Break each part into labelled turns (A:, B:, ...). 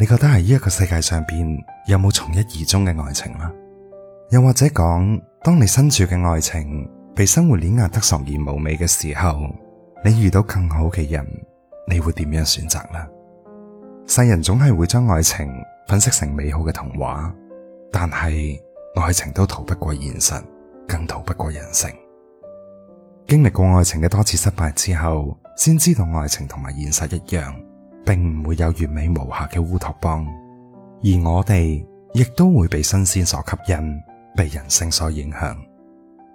A: 你覺得喺呢一個世界上邊有冇從一而終嘅愛情啦？又或者講，當你身處嘅愛情被生活碾壓得索然無味嘅時候，你遇到更好嘅人，你會點樣選擇呢？世人總係會將愛情粉飾成美好嘅童話，但係愛情都逃不過現實，更逃不過人性。經歷過愛情嘅多次失敗之後，先知道愛情同埋現實一樣。並唔會有完美無瑕嘅烏托邦，而我哋亦都會被新鮮所吸引，被人性所影響。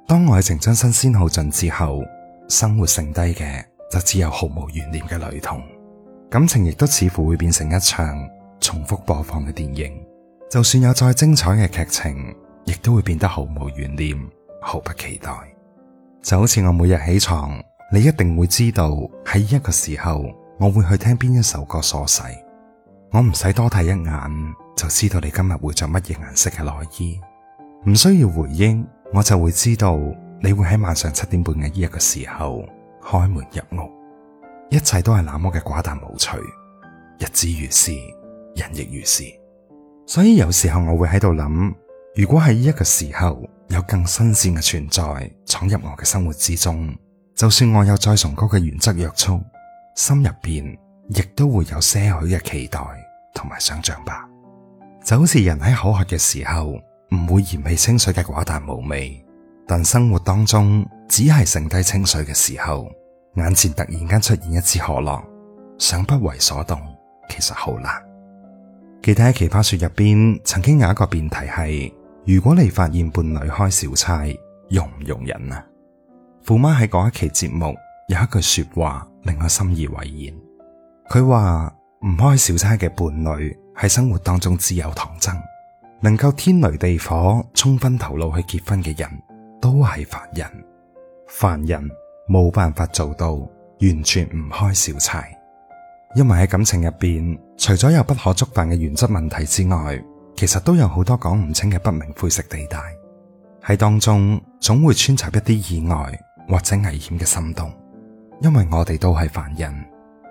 A: 當愛情將新鮮耗盡之後，生活剩低嘅就只有毫無懸念嘅雷同。感情亦都似乎會變成一場重複播放嘅電影。就算有再精彩嘅劇情，亦都會變得毫無懸念，毫不期待。就好似我每日起床，你一定會知道喺一個時候。我會去聽邊一首歌所使，我唔使多睇一眼就知道你今日會着乜嘢顏色嘅內衣，唔需要回應我就會知道你會喺晚上七點半嘅呢一個時候開門入屋，一切都係那麼嘅寡淡無趣，日子如是，人亦如是。所以有時候我會喺度諗，如果喺呢一個時候有更新鮮嘅存在闖入我嘅生活之中，就算我有再崇高嘅原則約束。心入邊亦都會有些許嘅期待同埋想象吧，就好似人喺口渴嘅時候唔會嫌棄清水嘅寡淡無味，但生活當中只係剩低清水嘅時候，眼前突然間出現一支可樂，想不為所動，其實好難。記得喺《奇葩說》入邊曾經有一個辯題係，如果你發現伴侶開小差，容唔容忍啊？父媽喺嗰一期節目有一句說話。令我深以為然。佢話，唔開小差嘅伴侶喺生活當中只有唐僧，能夠天雷地火、沖昏頭腦去結婚嘅人都係凡人。凡人冇辦法做到完全唔開小差，因為喺感情入邊，除咗有不可觸犯嘅原則問題之外，其實都有好多講唔清嘅不明灰色地帶，喺當中總會穿插一啲意外或者危險嘅心動。因為我哋都係凡人，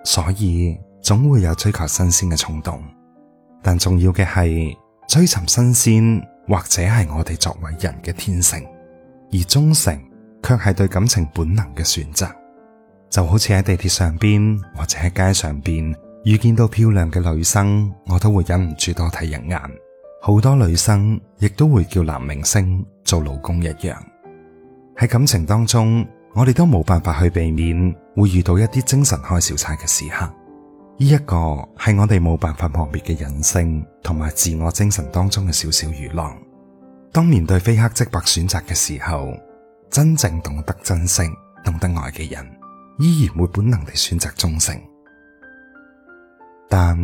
A: 所以總會有追求新鮮嘅衝動。但重要嘅係，追尋新鮮或者係我哋作為人嘅天性，而忠誠卻係對感情本能嘅選擇。就好似喺地鐵上邊或者喺街上邊遇見到漂亮嘅女生，我都會忍唔住多睇一眼。好多女生亦都會叫男明星做老公一樣。喺感情當中，我哋都冇辦法去避免會遇到一啲精神開小差嘅時刻，呢、這、一個係我哋冇辦法破滅嘅人性同埋自我精神當中嘅小小魚浪。當面對非黑即白選擇嘅時候，真正懂得珍惜、懂得愛嘅人，依然會本能地選擇忠誠。但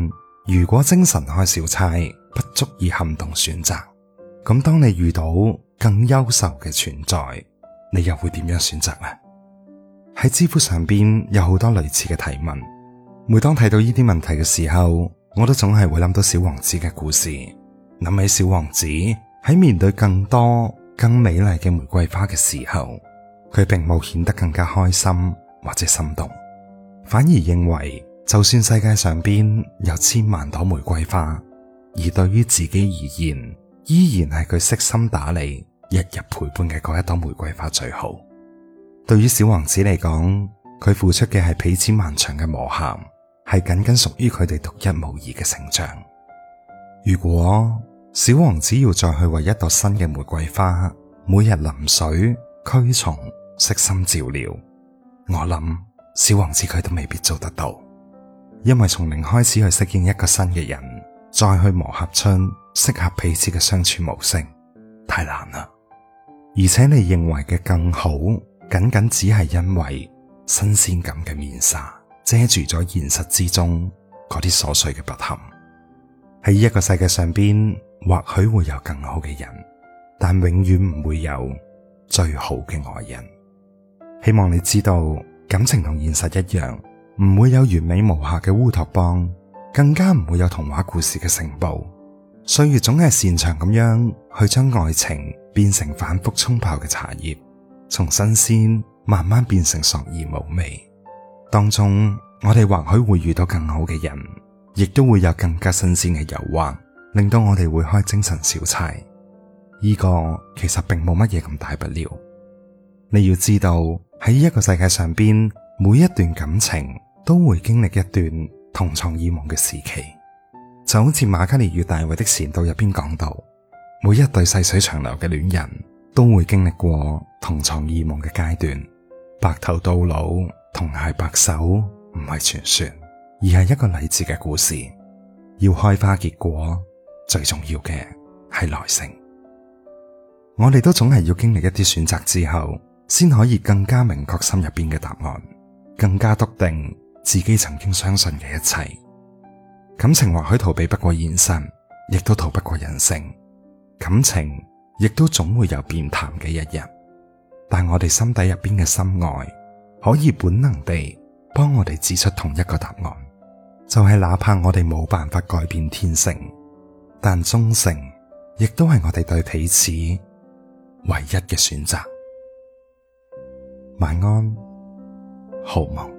A: 如果精神開小差，不足以撼動選擇，咁當你遇到更優秀嘅存在。你又會點樣選擇呢？喺知乎上邊有好多類似嘅提問，每當睇到呢啲問題嘅時候，我都總係會諗到小王子嘅故事。諗起小王子喺面對更多更美麗嘅玫瑰花嘅時候，佢並冇顯得更加開心或者心動，反而認為就算世界上邊有千萬朵玫瑰花，而對於自己而言，依然係佢悉心打理一日陪伴嘅嗰一朵玫瑰花最好。對於小王子嚟講，佢付出嘅係彼此漫長嘅磨合，係僅僅屬於佢哋獨一無二嘅成長。如果小王子要再去為一朵新嘅玫瑰花每日淋水、驅蟲、悉心照料，我諗小王子佢都未必做得到，因為從零開始去適應一個新嘅人，再去磨合出適合彼此嘅相處模式，太難啦。而且你認為嘅更好，僅僅只係因為新鮮感嘅面紗遮住咗現實之中嗰啲瑣碎嘅不堪。喺呢個世界上邊，或許會有更好嘅人，但永遠唔會有最好嘅愛人。希望你知道，感情同現實一樣，唔會有完美無瑕嘅烏托邦，更加唔會有童話故事嘅城堡。歲月總係擅長咁樣去將愛情變成反覆沖泡嘅茶葉，從新鮮慢慢變成索然無味。當中我哋或許會遇到更好嘅人，亦都會有更加新鮮嘅誘惑，令到我哋會開精神小差。呢個其實並冇乜嘢咁大不了。你要知道喺呢一個世界上邊，每一段感情都會經歷一段同床異夢嘅時期。就好似瑪嘉烈與大衛的前度入邊講到，每一對細水長流嘅戀人都會經歷過同床異夢嘅階段，白頭到老同偕白首唔係傳說，而係一個勵志嘅故事。要開花結果，最重要嘅係耐性。我哋都總係要經歷一啲選擇之後，先可以更加明確心入邊嘅答案，更加篤定自己曾經相信嘅一切。感情或許逃避不過現實，亦都逃不過人性。感情亦都總會有變淡嘅一日，但我哋心底入邊嘅深愛，可以本能地幫我哋指出同一個答案，就係、是、哪怕我哋冇辦法改變天性，但忠誠亦都係我哋對彼此唯一嘅選擇。晚安，好夢。